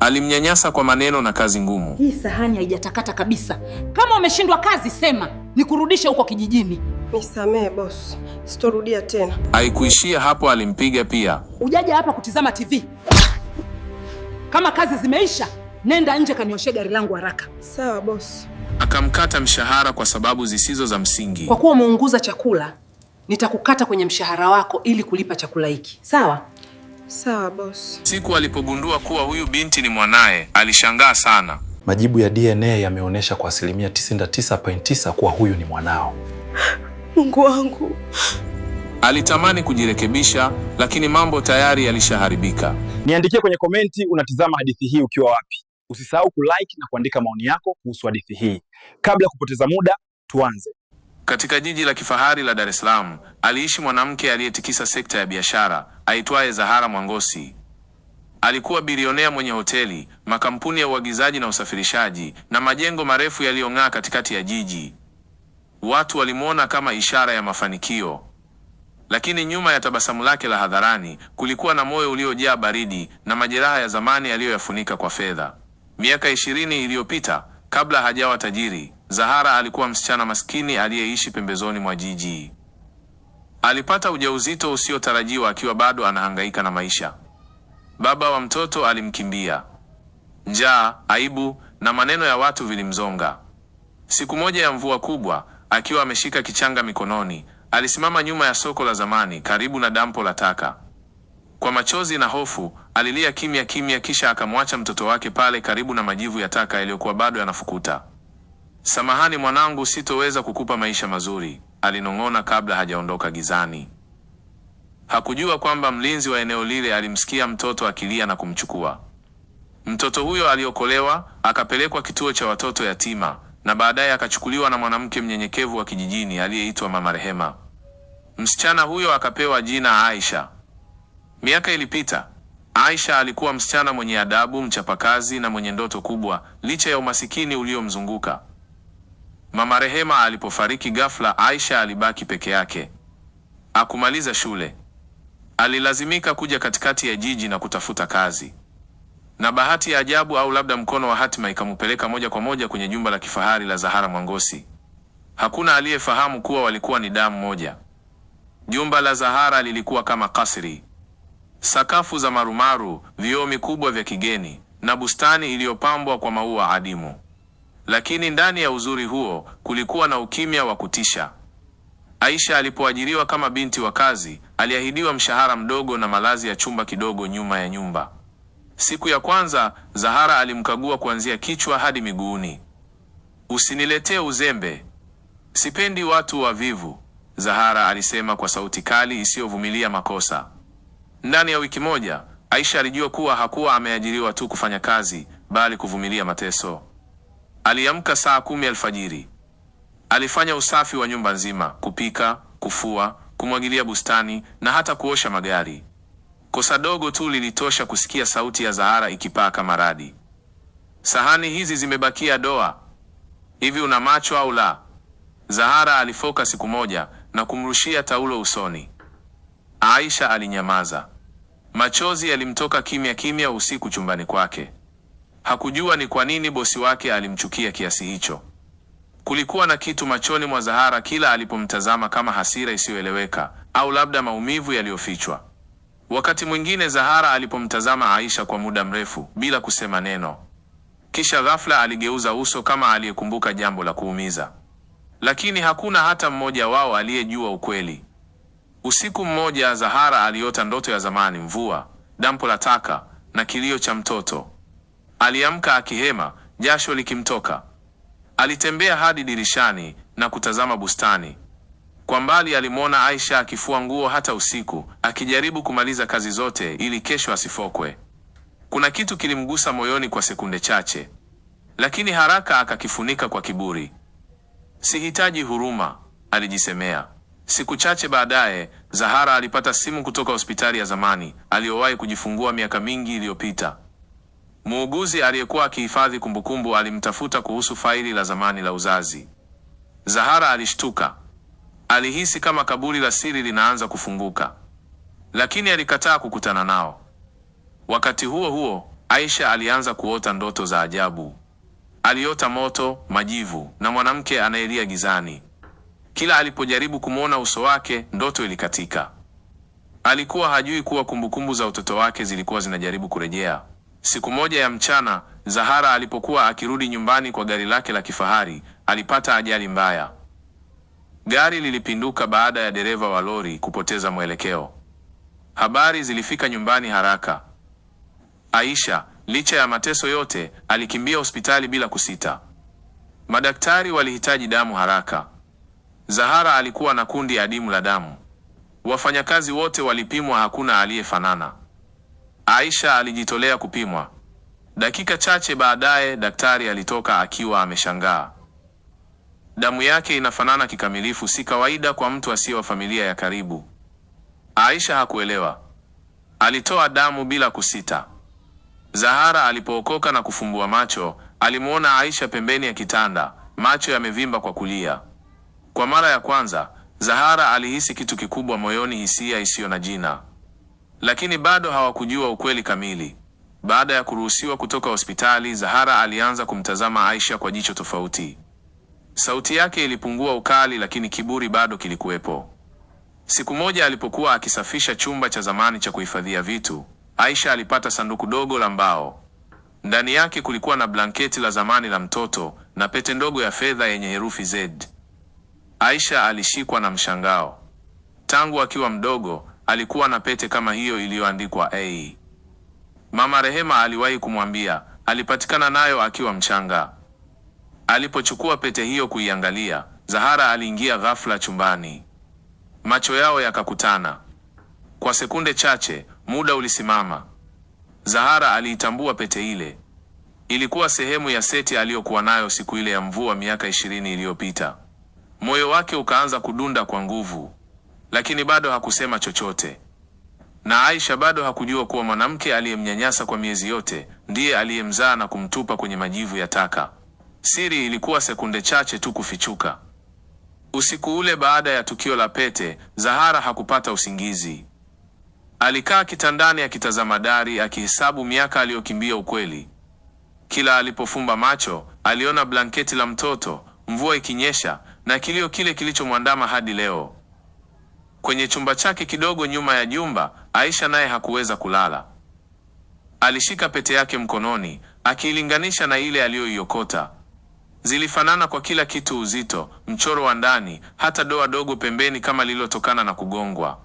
Alimnyanyasa kwa maneno na kazi ngumu. Hii sahani haijatakata kabisa. Kama umeshindwa kazi, sema nikurudishe huko kijijini. Nisamehe boss, sitorudia tena. Haikuishia hapo, alimpiga pia. Ujaja hapa kutizama TV? Kama kazi zimeisha, nenda nje kanioshee gari langu haraka. Sawa boss. Akamkata mshahara kwa sababu zisizo za msingi. Kwa kuwa umeunguza chakula, nitakukata kwenye mshahara wako ili kulipa chakula hiki, sawa? Sawa boss. Siku alipogundua kuwa huyu binti ni mwanaye, alishangaa sana. Majibu ya DNA yameonyesha kwa asilimia 99.9 kuwa huyu ni mwanao. Mungu wangu. Alitamani kujirekebisha, lakini mambo tayari yalishaharibika. Niandikie kwenye komenti unatizama hadithi hii ukiwa wapi. Usisahau kulike na kuandika maoni yako kuhusu hadithi hii. Kabla ya kupoteza muda, tuanze. Katika jiji la kifahari la Dar es Salaam aliishi mwanamke aliyetikisa sekta ya biashara aitwaye Zahara Mwangosi. Alikuwa bilionea mwenye hoteli, makampuni ya uagizaji na usafirishaji na majengo marefu yaliyong'aa katikati ya jiji. Watu walimwona kama ishara ya mafanikio, lakini nyuma ya tabasamu lake la hadharani kulikuwa na moyo uliojaa baridi na majeraha ya zamani aliyoyafunika kwa fedha. Miaka ishirini iliyopita kabla hajawa tajiri Zahara alikuwa msichana maskini aliyeishi pembezoni mwa jiji. Alipata ujauzito usiotarajiwa akiwa bado anahangaika na maisha. Baba wa mtoto alimkimbia. Njaa, aibu na maneno ya watu vilimzonga. Siku moja ya mvua kubwa, akiwa ameshika kichanga mikononi, alisimama nyuma ya soko la zamani karibu na dampo la taka. Kwa machozi na hofu, alilia kimya kimya, kisha akamwacha mtoto wake pale karibu na majivu ya taka yaliyokuwa bado yanafukuta. Samahani mwanangu, sitoweza kukupa maisha mazuri, alinong'ona kabla hajaondoka gizani. Hakujua kwamba mlinzi wa eneo lile alimsikia mtoto akilia na kumchukua. Mtoto huyo aliokolewa akapelekwa kituo cha watoto yatima na baadaye akachukuliwa na mwanamke mnyenyekevu wa kijijini aliyeitwa Mama Rehema. Msichana huyo akapewa jina Aisha. Miaka ilipita. Aisha alikuwa msichana mwenye adabu, mchapakazi na mwenye ndoto kubwa licha ya umasikini uliomzunguka. Mama Rehema alipofariki ghafla, Aisha alibaki peke yake. Akumaliza shule, alilazimika kuja katikati ya jiji na kutafuta kazi, na bahati ya ajabu au labda mkono wa hatima ikamupeleka moja kwa moja kwenye jumba la kifahari la Zahara Mwangosi. Hakuna aliyefahamu kuwa walikuwa ni damu moja. Jumba la Zahara lilikuwa kama kasri, sakafu za marumaru, vioo mikubwa vya kigeni na bustani iliyopambwa kwa maua adimu. Lakini ndani ya uzuri huo kulikuwa na ukimya wa kutisha. Aisha alipoajiriwa kama binti wa kazi, aliahidiwa mshahara mdogo na malazi ya chumba kidogo nyuma ya nyumba. Siku ya kwanza Zahara alimkagua kuanzia kichwa hadi miguuni. Usiniletee uzembe, sipendi watu wavivu, Zahara alisema kwa sauti kali isiyovumilia makosa. Ndani ya wiki moja Aisha alijua kuwa hakuwa ameajiriwa tu kufanya kazi, bali kuvumilia mateso. Aliamka saa kumi alfajiri. Alifanya usafi wa nyumba nzima, kupika, kufua, kumwagilia bustani na hata kuosha magari. Kosa dogo tu lilitosha kusikia sauti ya Zahara ikipaa kama radi. Sahani hizi zimebakia doa, hivi una macho au la? Zahara alifoka siku moja na kumrushia taulo usoni. Aisha alinyamaza. Machozi yalimtoka kimya kimya usiku chumbani kwake. Hakujua ni kwa nini bosi wake alimchukia kiasi hicho. Kulikuwa na kitu machoni mwa Zahara kila alipomtazama, kama hasira isiyoeleweka au labda maumivu yaliyofichwa. Wakati mwingine Zahara alipomtazama Aisha kwa muda mrefu bila kusema neno, kisha ghafla aligeuza uso kama aliyekumbuka jambo la kuumiza, lakini hakuna hata mmoja wao aliyejua ukweli. Usiku mmoja, Zahara aliota ndoto ya zamani: mvua, dampo la taka na kilio cha mtoto. Aliamka akihema, jasho likimtoka. Alitembea hadi dirishani na kutazama bustani. Kwa mbali alimwona Aisha akifua nguo hata usiku, akijaribu kumaliza kazi zote ili kesho asifokwe. Kuna kitu kilimgusa moyoni kwa sekunde chache, lakini haraka akakifunika kwa kiburi. Sihitaji huruma, alijisemea. Siku chache baadaye, Zahara alipata simu kutoka hospitali ya zamani aliyowahi kujifungua miaka mingi iliyopita. Muuguzi aliyekuwa akihifadhi kumbukumbu alimtafuta kuhusu faili la zamani la uzazi. Zahara alishtuka. Alihisi kama kaburi la siri linaanza kufunguka, lakini alikataa kukutana nao. Wakati huo huo, Aisha alianza kuota ndoto za ajabu. Aliota moto, majivu na mwanamke anayelia gizani. Kila alipojaribu kumwona uso wake, ndoto ilikatika. Alikuwa hajui kuwa kumbukumbu za utoto wake zilikuwa zinajaribu kurejea. Siku moja ya mchana, Zahara alipokuwa akirudi nyumbani kwa gari lake la kifahari, alipata ajali mbaya. Gari lilipinduka baada ya dereva wa lori kupoteza mwelekeo. Habari zilifika nyumbani haraka. Aisha, licha ya mateso yote, alikimbia hospitali bila kusita. Madaktari walihitaji damu haraka. Zahara alikuwa na kundi adimu la damu. Wafanyakazi wote walipimwa, hakuna aliyefanana. Aisha alijitolea kupimwa. Dakika chache baadaye daktari alitoka akiwa ameshangaa. Damu yake inafanana kikamilifu, si kawaida kwa mtu asiye wa familia ya karibu. Aisha hakuelewa, alitoa damu bila kusita. Zahara alipookoka na kufumbua macho, alimuona Aisha pembeni ya kitanda, macho yamevimba kwa kulia. Kwa mara ya kwanza, Zahara alihisi kitu kikubwa moyoni, hisia isiyo na jina lakini bado hawakujua ukweli kamili. Baada ya kuruhusiwa kutoka hospitali, Zahara alianza kumtazama Aisha kwa jicho tofauti. Sauti yake ilipungua ukali, lakini kiburi bado kilikuwepo. Siku moja alipokuwa akisafisha chumba cha zamani cha kuhifadhia vitu, Aisha alipata sanduku dogo la mbao. Ndani yake kulikuwa na blanketi la zamani la mtoto na pete ndogo ya fedha yenye herufi Z. Aisha alishikwa na mshangao. Tangu akiwa mdogo, alikuwa na pete kama hiyo iliyoandikwa A. Mama Rehema aliwahi kumwambia, alipatikana nayo akiwa mchanga. Alipochukua pete hiyo kuiangalia, Zahara aliingia ghafla chumbani. Macho yao yakakutana kwa sekunde chache, muda ulisimama. Zahara aliitambua pete ile. Ilikuwa sehemu ya seti aliyokuwa nayo siku ile ya mvua miaka ishirini iliyopita. Moyo wake ukaanza kudunda kwa nguvu lakini bado hakusema chochote, na Aisha bado hakujua kuwa mwanamke aliyemnyanyasa kwa miezi yote ndiye aliyemzaa na kumtupa kwenye majivu ya taka. Siri ilikuwa sekunde chache tu kufichuka. Usiku ule baada ya tukio la pete, Zahara hakupata usingizi. Alikaa kitandani akitazama dari, akihesabu miaka aliyokimbia ukweli. Kila alipofumba macho, aliona blanketi la mtoto, mvua ikinyesha, na kilio kile kilichomwandama hadi leo. Kwenye chumba chake kidogo nyuma ya jumba, Aisha naye hakuweza kulala. Alishika pete yake mkononi akiilinganisha na ile aliyoiokota. Zilifanana kwa kila kitu: uzito, mchoro wa ndani, hata doa dogo pembeni kama lililotokana na kugongwa.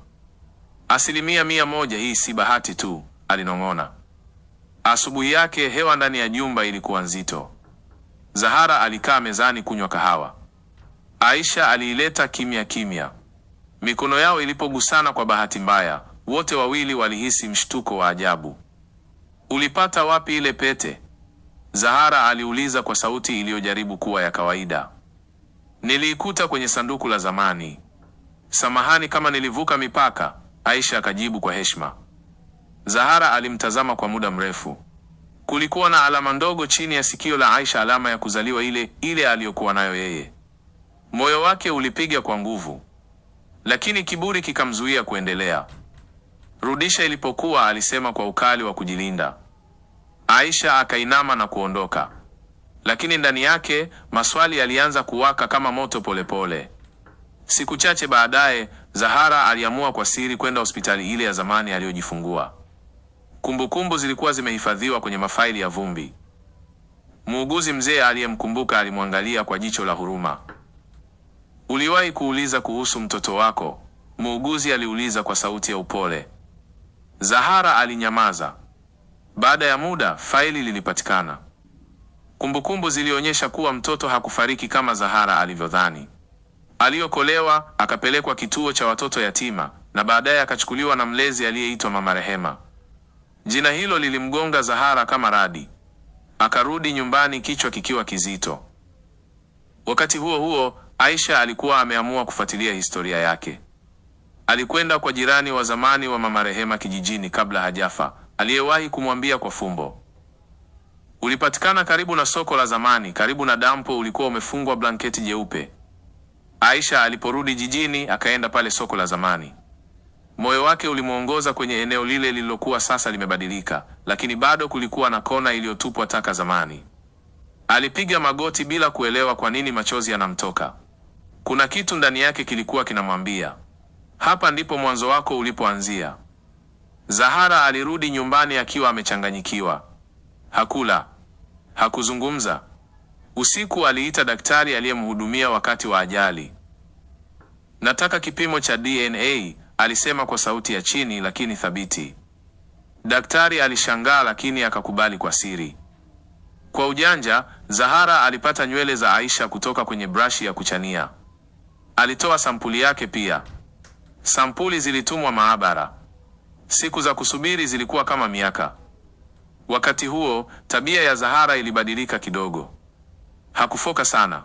Asilimia mia moja, hii si bahati tu, alinong'ona. Asubuhi yake hewa ndani ya jumba ilikuwa nzito. Zahara alikaa mezani kunywa kahawa. Aisha aliileta kimya kimya. Mikono yao ilipogusana kwa bahati mbaya, wote wawili walihisi mshtuko wa ajabu. Ulipata wapi ile pete? Zahara aliuliza kwa sauti iliyojaribu kuwa ya kawaida. Niliikuta kwenye sanduku la zamani. Samahani kama nilivuka mipaka, Aisha akajibu kwa heshima. Zahara alimtazama kwa muda mrefu. Kulikuwa na alama ndogo chini ya sikio la Aisha, alama ya kuzaliwa ile ile aliyokuwa nayo yeye. Moyo wake ulipiga kwa nguvu lakini kiburi kikamzuia kuendelea. Rudisha ilipokuwa, alisema kwa ukali wa kujilinda. Aisha akainama na kuondoka, lakini ndani yake maswali yalianza kuwaka kama moto polepole pole. Siku chache baadaye Zahara aliamua kwa siri kwenda hospitali ile ya zamani aliyojifungua. Kumbukumbu zilikuwa zimehifadhiwa kwenye mafaili ya vumbi. Muuguzi mzee aliyemkumbuka alimwangalia kwa jicho la huruma. Uliwahi kuuliza kuhusu mtoto wako? Muuguzi aliuliza kwa sauti ya upole. Zahara alinyamaza. Baada ya muda, faili lilipatikana. Kumbukumbu zilionyesha kuwa mtoto hakufariki kama Zahara alivyodhani. Aliokolewa, akapelekwa kituo cha watoto yatima na baadaye akachukuliwa na mlezi aliyeitwa Mama Rehema. Jina hilo lilimgonga Zahara kama radi. Akarudi nyumbani kichwa kikiwa kizito. Wakati huo huo, Aisha alikuwa ameamua kufuatilia historia yake. Alikwenda kwa jirani wa zamani wa mama Rehema kijijini kabla hajafa, aliyewahi kumwambia kwa fumbo. Ulipatikana karibu na soko la zamani, karibu na dampo, ulikuwa umefungwa blanketi jeupe. Aisha aliporudi jijini, akaenda pale soko la zamani. Moyo wake ulimwongoza kwenye eneo lile lililokuwa sasa limebadilika, lakini bado kulikuwa na kona iliyotupwa taka zamani. Alipiga magoti bila kuelewa kwa nini machozi yanamtoka. Kuna kitu ndani yake kilikuwa kinamwambia hapa ndipo mwanzo wako ulipoanzia. Zahara alirudi nyumbani akiwa amechanganyikiwa. Hakula, hakuzungumza. Usiku aliita daktari aliyemhudumia wakati wa ajali. Nataka kipimo cha DNA, alisema kwa sauti ya chini lakini thabiti. Daktari alishangaa lakini akakubali kwa siri. Kwa ujanja, Zahara alipata nywele za Aisha kutoka kwenye brashi ya kuchania. Alitoa sampuli yake pia. Sampuli zilitumwa maabara. Siku za kusubiri zilikuwa kama miaka. Wakati huo tabia ya Zahara ilibadilika kidogo. Hakufoka sana.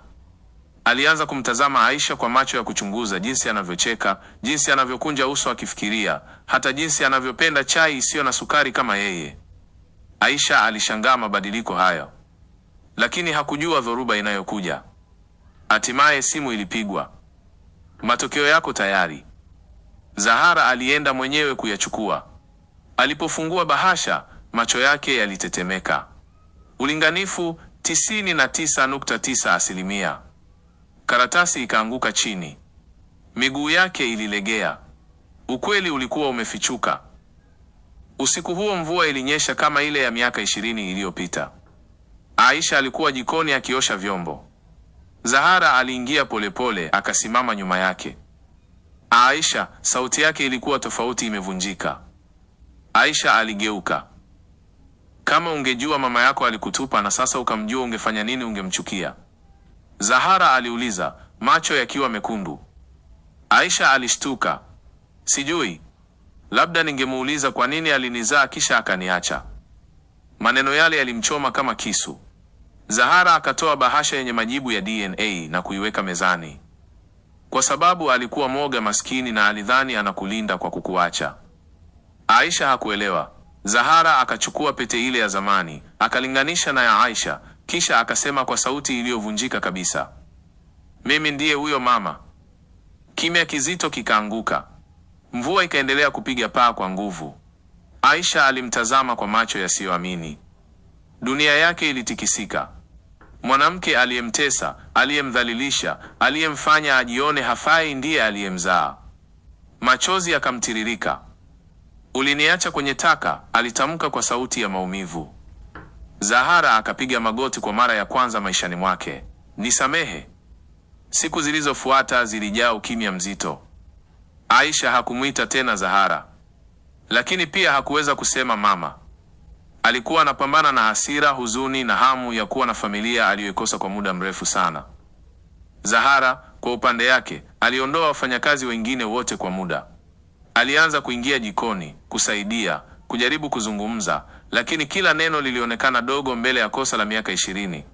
Alianza kumtazama Aisha kwa macho ya kuchunguza, jinsi anavyocheka, jinsi anavyokunja uso akifikiria, hata jinsi anavyopenda chai isiyo na sukari kama yeye. Aisha alishangaa mabadiliko hayo, lakini hakujua dhoruba inayokuja. Hatimaye simu ilipigwa. Matokeo yako tayari. Zahara alienda mwenyewe kuyachukua. Alipofungua bahasha, macho yake yalitetemeka. Ulinganifu 99.9 asilimia. Karatasi ikaanguka chini, miguu yake ililegea. Ukweli ulikuwa umefichuka. Usiku huo mvua ilinyesha kama ile ya miaka ishirini iliyopita. Aisha alikuwa jikoni akiosha vyombo. Zahara aliingia polepole, akasimama nyuma yake. Aisha, sauti yake ilikuwa tofauti, imevunjika. Aisha aligeuka. Kama ungejua mama yako alikutupa na sasa ukamjua, ungefanya nini? Ungemchukia? Zahara aliuliza, macho yakiwa mekundu. Aisha alishtuka. Sijui, labda ningemuuliza kwa nini alinizaa kisha akaniacha. Maneno yale yalimchoma kama kisu. Zahara akatoa bahasha yenye majibu ya DNA na kuiweka mezani, kwa sababu alikuwa moga maskini na alidhani anakulinda kwa kukuacha. Aisha hakuelewa. Zahara akachukua pete ile ya zamani, akalinganisha na ya Aisha, kisha akasema kwa sauti iliyovunjika kabisa, mimi ndiye huyo mama. Kimya kizito kikaanguka. Mvua ikaendelea kupiga paa kwa nguvu. Aisha alimtazama kwa macho yasiyoamini. Dunia yake ilitikisika. Mwanamke aliyemtesa, aliyemdhalilisha, aliyemfanya ajione hafai ndiye aliyemzaa. Machozi yakamtiririka. Uliniacha kwenye taka, alitamka kwa sauti ya maumivu. Zahara akapiga magoti kwa mara ya kwanza maishani mwake. Nisamehe. Siku zilizofuata zilijaa ukimya mzito. Aisha hakumwita tena Zahara, lakini pia hakuweza kusema mama. Alikuwa anapambana na hasira, huzuni na hamu ya kuwa na familia aliyoikosa kwa muda mrefu sana. Zahara kwa upande yake aliondoa wafanyakazi wengine wote kwa muda. Alianza kuingia jikoni, kusaidia, kujaribu kuzungumza, lakini kila neno lilionekana dogo mbele ya kosa la miaka ishirini.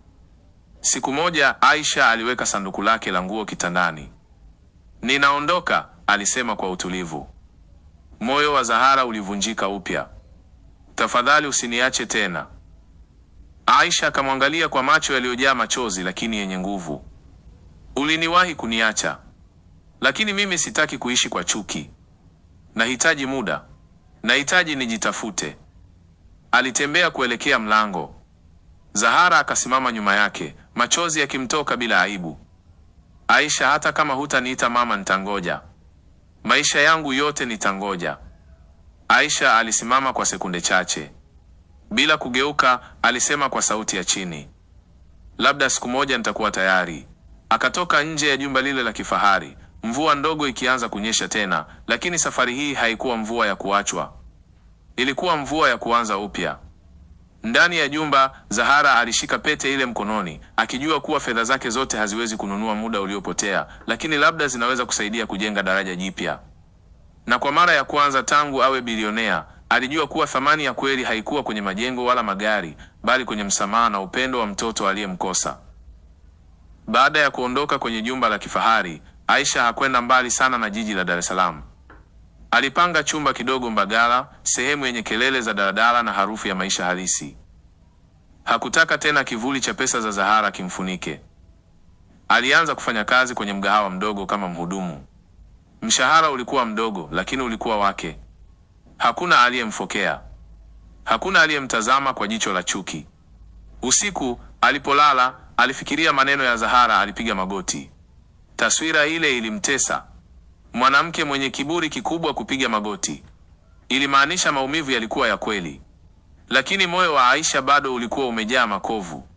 Siku moja Aisha aliweka sanduku lake la nguo kitandani. Ninaondoka, alisema kwa utulivu. Moyo wa Zahara ulivunjika upya. Tafadhali usiniache tena. Aisha akamwangalia kwa macho yaliyojaa machozi lakini yenye nguvu. Uliniwahi kuniacha, lakini mimi sitaki kuishi kwa chuki. Nahitaji muda, nahitaji nijitafute. Alitembea kuelekea mlango. Zahara akasimama nyuma yake, machozi yakimtoka bila aibu. Aisha, hata kama hutaniita mama, nitangoja. Maisha yangu yote nitangoja. Aisha alisimama kwa sekunde chache. Bila kugeuka, alisema kwa sauti ya chini, labda siku moja nitakuwa tayari. Akatoka nje ya jumba lile la kifahari, mvua ndogo ikianza kunyesha tena, lakini safari hii haikuwa mvua ya kuachwa, ilikuwa mvua ya kuanza upya. Ndani ya jumba, Zahara alishika pete ile mkononi, akijua kuwa fedha zake zote haziwezi kununua muda uliopotea, lakini labda zinaweza kusaidia kujenga daraja jipya na kwa mara ya kwanza tangu awe bilionea alijua kuwa thamani ya kweli haikuwa kwenye majengo wala magari, bali kwenye msamaha na upendo wa mtoto aliyemkosa. Baada ya kuondoka kwenye jumba la kifahari, Aisha hakwenda mbali sana na jiji la Dar es Salaam. Alipanga chumba kidogo Mbagala, sehemu yenye kelele za daladala na harufu ya maisha halisi. Hakutaka tena kivuli cha pesa za Zahara kimfunike. Alianza kufanya kazi kwenye mgahawa mdogo kama mhudumu. Mshahara ulikuwa mdogo, lakini ulikuwa wake. Hakuna aliyemfokea, hakuna aliyemtazama kwa jicho la chuki. Usiku alipolala, alifikiria maneno ya Zahara, alipiga magoti. Taswira ile ilimtesa. Mwanamke mwenye kiburi kikubwa kupiga magoti, ilimaanisha maumivu yalikuwa ya kweli, lakini moyo wa Aisha bado ulikuwa umejaa makovu.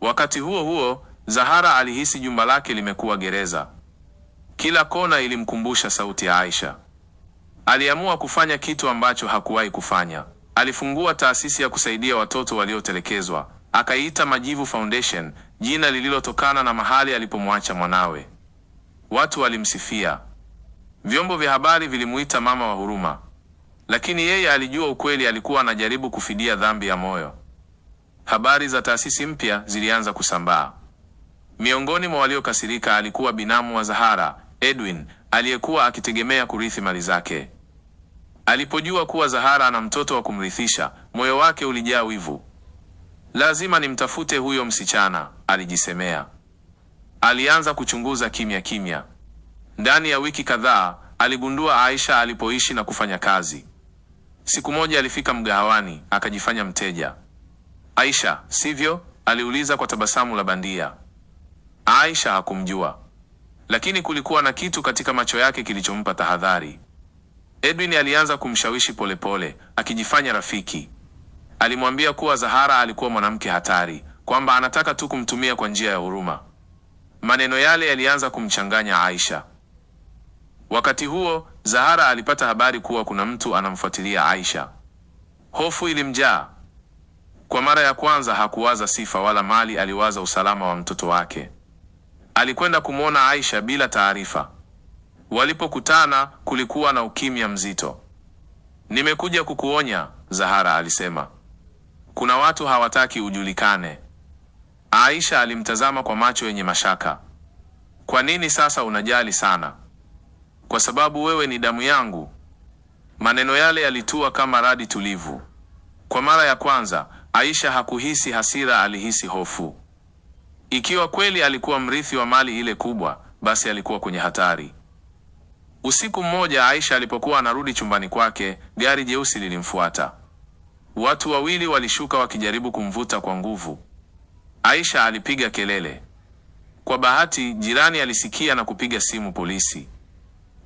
Wakati huo huo, Zahara alihisi jumba lake limekuwa gereza. Kila kona ilimkumbusha sauti ya Aisha. Aliamua kufanya kitu ambacho hakuwahi kufanya. Alifungua taasisi ya kusaidia watoto waliotelekezwa, akaiita Majivu Foundation, jina lililotokana na mahali alipomwacha mwanawe. Watu walimsifia, vyombo vya habari vilimuita mama wa huruma, lakini yeye alijua ukweli. Alikuwa anajaribu kufidia dhambi ya moyo. Habari za taasisi mpya zilianza kusambaa. Miongoni mwa waliokasirika alikuwa binamu wa Zahara, Edwin aliyekuwa akitegemea kurithi mali zake. Alipojua kuwa Zahara ana mtoto wa kumrithisha, moyo wake ulijaa wivu. Lazima nimtafute huyo msichana, alijisemea. Alianza kuchunguza kimya kimya. Ndani ya wiki kadhaa aligundua Aisha alipoishi na kufanya kazi. Siku moja alifika mgahawani akajifanya mteja. Aisha, sivyo? aliuliza kwa tabasamu la bandia. Aisha hakumjua lakini kulikuwa na kitu katika macho yake kilichompa tahadhari. Edwin alianza kumshawishi polepole, akijifanya rafiki. Alimwambia kuwa Zahara alikuwa mwanamke hatari, kwamba anataka tu kumtumia kwa njia ya huruma. Maneno yale yalianza kumchanganya Aisha. Wakati huo, Zahara alipata habari kuwa kuna mtu anamfuatilia Aisha. Hofu ilimjaa. Kwa mara ya kwanza hakuwaza sifa wala mali, aliwaza usalama wa mtoto wake alikwenda kumwona Aisha bila taarifa. Walipokutana kulikuwa na ukimya mzito. Nimekuja kukuonya, Zahara alisema, kuna watu hawataki ujulikane. Aisha alimtazama kwa macho yenye mashaka. Kwa nini sasa unajali sana? Kwa sababu wewe ni damu yangu. Maneno yale yalitua kama radi tulivu. Kwa mara ya kwanza Aisha hakuhisi hasira, alihisi hofu. Ikiwa kweli alikuwa mrithi wa mali ile kubwa, basi alikuwa kwenye hatari. Usiku mmoja, Aisha alipokuwa anarudi chumbani kwake, gari jeusi lilimfuata. Watu wawili walishuka wakijaribu kumvuta kwa nguvu. Aisha alipiga kelele. Kwa bahati, jirani alisikia na kupiga simu polisi.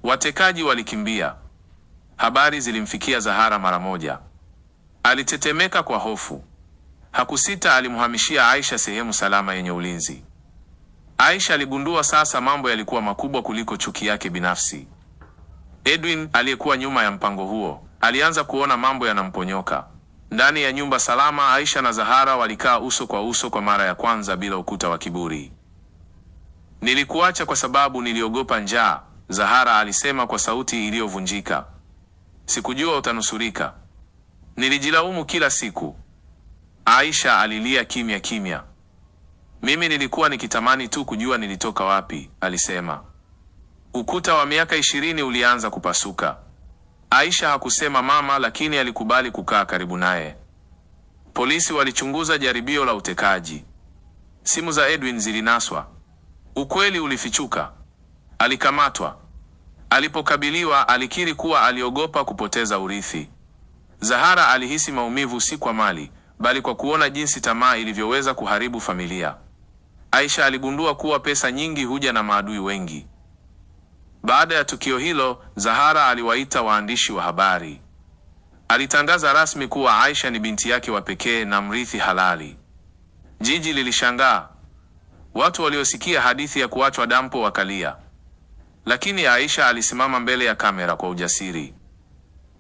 Watekaji walikimbia. Habari zilimfikia Zahara mara moja. Alitetemeka kwa hofu. Hakusita, alimhamishia Aisha sehemu salama yenye ulinzi. Aisha aligundua sasa mambo yalikuwa makubwa kuliko chuki yake binafsi. Edwin aliyekuwa nyuma ya mpango huo alianza kuona mambo yanamponyoka. Ndani ya nyumba salama, Aisha na Zahara walikaa uso kwa uso kwa mara ya kwanza bila ukuta wa kiburi. Nilikuacha kwa sababu niliogopa njaa, Zahara alisema kwa sauti iliyovunjika. Sikujua utanusurika. Nilijilaumu kila siku. Aisha alilia kimya kimya. Mimi nilikuwa nikitamani tu kujua nilitoka wapi, alisema. Ukuta wa miaka ishirini ulianza kupasuka. Aisha hakusema mama, lakini alikubali kukaa karibu naye. Polisi walichunguza jaribio la utekaji. Simu za Edwin zilinaswa. Ukweli ulifichuka. Alikamatwa. Alipokabiliwa, alikiri kuwa aliogopa kupoteza urithi. Zahara alihisi maumivu si kwa mali, bali kwa kuona jinsi tamaa ilivyoweza kuharibu familia. Aisha aligundua kuwa pesa nyingi huja na maadui wengi. Baada ya tukio hilo, Zahara aliwaita waandishi wa habari. Alitangaza rasmi kuwa Aisha ni binti yake wa pekee na mrithi halali. Jiji lilishangaa. Watu waliosikia hadithi ya kuachwa dampo wakalia, lakini Aisha alisimama mbele ya kamera kwa ujasiri.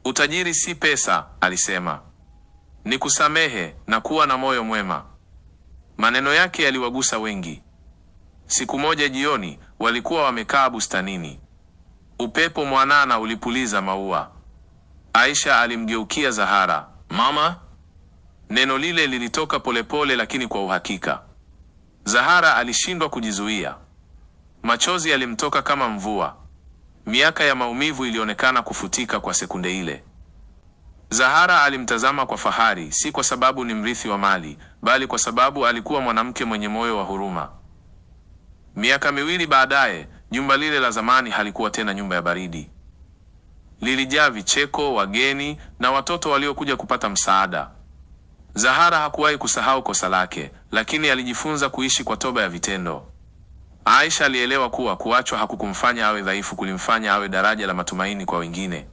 Utajiri si pesa, alisema ni kusamehe na kuwa na moyo mwema. Maneno yake yaliwagusa wengi. Siku moja jioni, walikuwa wamekaa bustanini. Upepo mwanana ulipuliza maua. Aisha alimgeukia Zahara. Mama? Neno lile lilitoka polepole lakini kwa uhakika. Zahara alishindwa kujizuia. Machozi yalimtoka kama mvua. Miaka ya maumivu ilionekana kufutika kwa sekunde ile. Zahara alimtazama kwa fahari, si kwa sababu ni mrithi wa mali, bali kwa sababu alikuwa mwanamke mwenye moyo wa huruma. Miaka miwili baadaye, jumba lile la zamani halikuwa tena nyumba ya baridi. Lilijaa vicheko, wageni na watoto waliokuja kupata msaada. Zahara hakuwahi kusahau kosa lake, lakini alijifunza kuishi kwa toba ya vitendo. Aisha alielewa kuwa kuachwa hakukumfanya awe dhaifu, kulimfanya awe daraja la matumaini kwa wengine.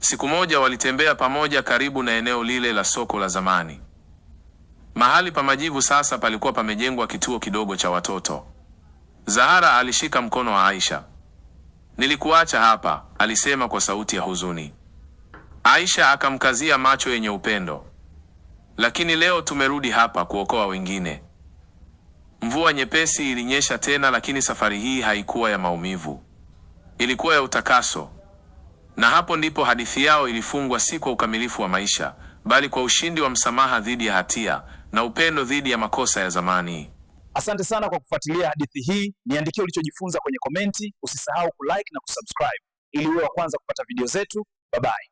Siku moja walitembea pamoja karibu na eneo lile la soko la zamani. Mahali pa majivu sasa palikuwa pamejengwa kituo kidogo cha watoto. Zahara alishika mkono wa Aisha. Nilikuacha hapa, alisema kwa sauti ya huzuni. Aisha akamkazia macho yenye upendo. Lakini leo tumerudi hapa kuokoa wengine. Mvua nyepesi ilinyesha tena, lakini safari hii haikuwa ya maumivu. Ilikuwa ya utakaso. Na hapo ndipo hadithi yao ilifungwa, si kwa ukamilifu wa maisha, bali kwa ushindi wa msamaha dhidi ya hatia na upendo dhidi ya makosa ya zamani. Asante sana kwa kufuatilia hadithi hii. Niandikie ulichojifunza kwenye komenti, usisahau kulike na kusubscribe ili uwe wa kwanza kupata video zetu. Bye bye.